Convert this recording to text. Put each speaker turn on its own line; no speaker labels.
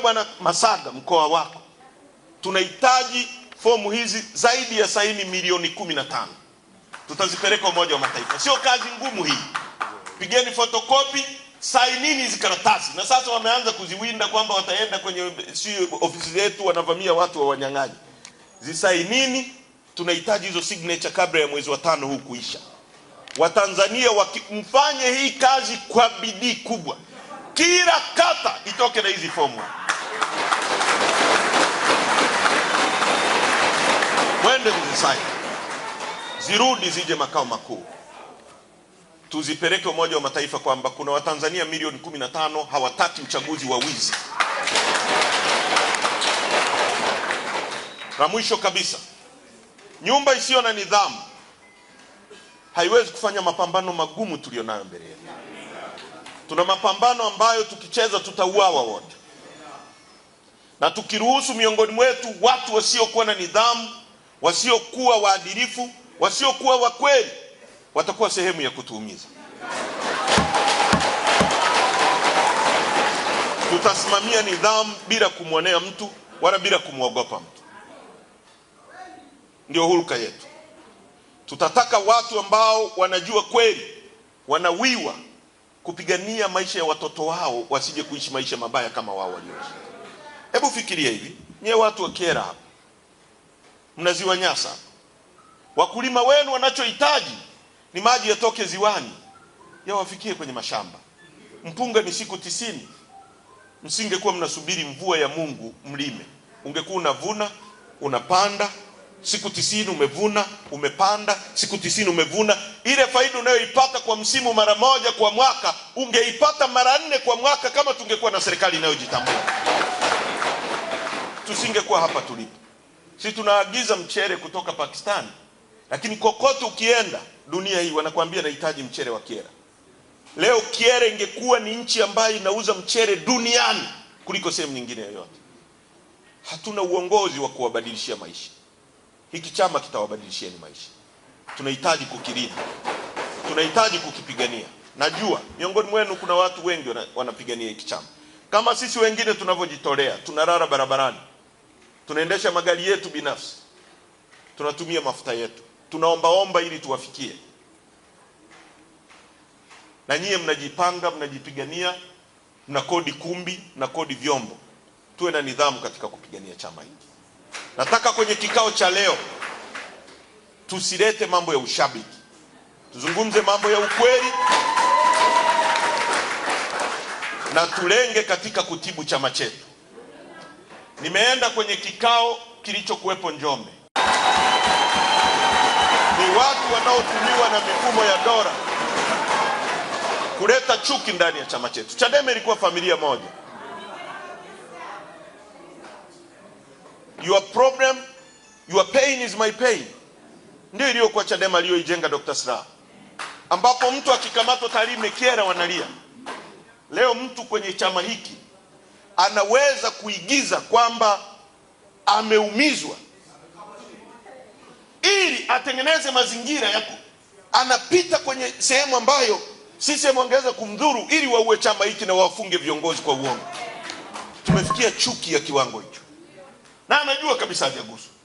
bwana Masaga, mkoa wako tunahitaji fomu hizi zaidi ya saini milioni kumi na tano tutazipeleka Umoja wa Mataifa. Sio kazi ngumu hii, pigeni fotokopi, sainini hizi karatasi. Na sasa wameanza kuziwinda kwamba wataenda kwenye si ofisi zetu, wanavamia watu wa wanyang'anyi. Zisainini, tunahitaji hizo signature kabla ya mwezi wa tano huu kuisha. Watanzania wakimfanye hii kazi kwa bidii kubwa, kila kata itoke na hizi fomu. mwende kuzisaini, zirudi zije makao makuu, tuzipeleke Umoja wa Mataifa kwamba kuna Watanzania milioni 15 hawataki uchaguzi wa wizi. Na mwisho kabisa, nyumba isiyo na nidhamu haiwezi kufanya mapambano magumu tuliyonayo mbele yetu. Tuna mapambano ambayo tukicheza tutauawa wote, na tukiruhusu miongoni mwetu watu wasiokuwa na nidhamu wasiokuwa waadilifu, wasiokuwa wa kweli watakuwa sehemu ya kutuumiza. Tutasimamia nidhamu bila kumwonea mtu wala bila kumwogopa mtu, ndio hulka yetu. Tutataka watu ambao wanajua kweli, wanawiwa kupigania maisha ya watoto wao wasije kuishi maisha mabaya kama wao walioishi. Hebu fikiria hivi, nyewe watu wa Kera hapa nyasa Wakulima wenu wanachohitaji ni maji yatoke ziwani yawafikie kwenye mashamba. Mpunga ni siku tisini. Msingekuwa mnasubiri mvua ya Mungu mlime, ungekuwa unavuna unapanda siku tisini umevuna umepanda siku tisini umevuna. Ile faida unayoipata kwa msimu mara moja kwa mwaka ungeipata mara nne kwa mwaka, kama tungekuwa na serikali inayojitambua. Tusingekuwa hapa tulipo. Sisi tunaagiza mchere kutoka Pakistan, lakini kokote ukienda dunia hii wanakuambia nahitaji mchere wa Kiera. Leo Kiera ingekuwa ni nchi ambayo inauza mchere duniani kuliko sehemu nyingine yoyote. Hatuna uongozi wa kuwabadilishia maisha. Hiki chama kitawabadilishieni maisha. Tunahitaji kukilinda, tunahitaji kukipigania. Najua miongoni mwenu kuna watu wengi wanapigania hiki chama kama sisi wengine tunavyojitolea, tunalala barabarani tunaendesha magari yetu binafsi, tunatumia mafuta yetu, tunaombaomba ili tuwafikie, na nyie mnajipanga, mnajipigania, mna kodi kumbi na kodi vyombo. Tuwe na nidhamu katika kupigania chama hiki. Nataka kwenye kikao cha leo tusilete mambo ya ushabiki, tuzungumze mambo ya ukweli na tulenge katika kutibu chama chetu. Nimeenda kwenye kikao kilichokuwepo Njombe, ni watu wanaotumiwa na mifumo ya dola kuleta chuki ndani ya chama chetu. Chadema ilikuwa familia moja. Your problem, your pain is my pain, ndio iliyokuwa Chadema aliyoijenga Dr. Slaa, ambapo mtu akikamatwa Tarime Kyela wanalia. Leo mtu kwenye chama hiki anaweza kuigiza kwamba ameumizwa ili atengeneze mazingira ya ku, anapita kwenye sehemu ambayo sisi angeweza kumdhuru ili waue chama hiki na wafunge viongozi kwa uongo. Tumefikia chuki ya kiwango hicho, na anajua kabisa hajaguswa.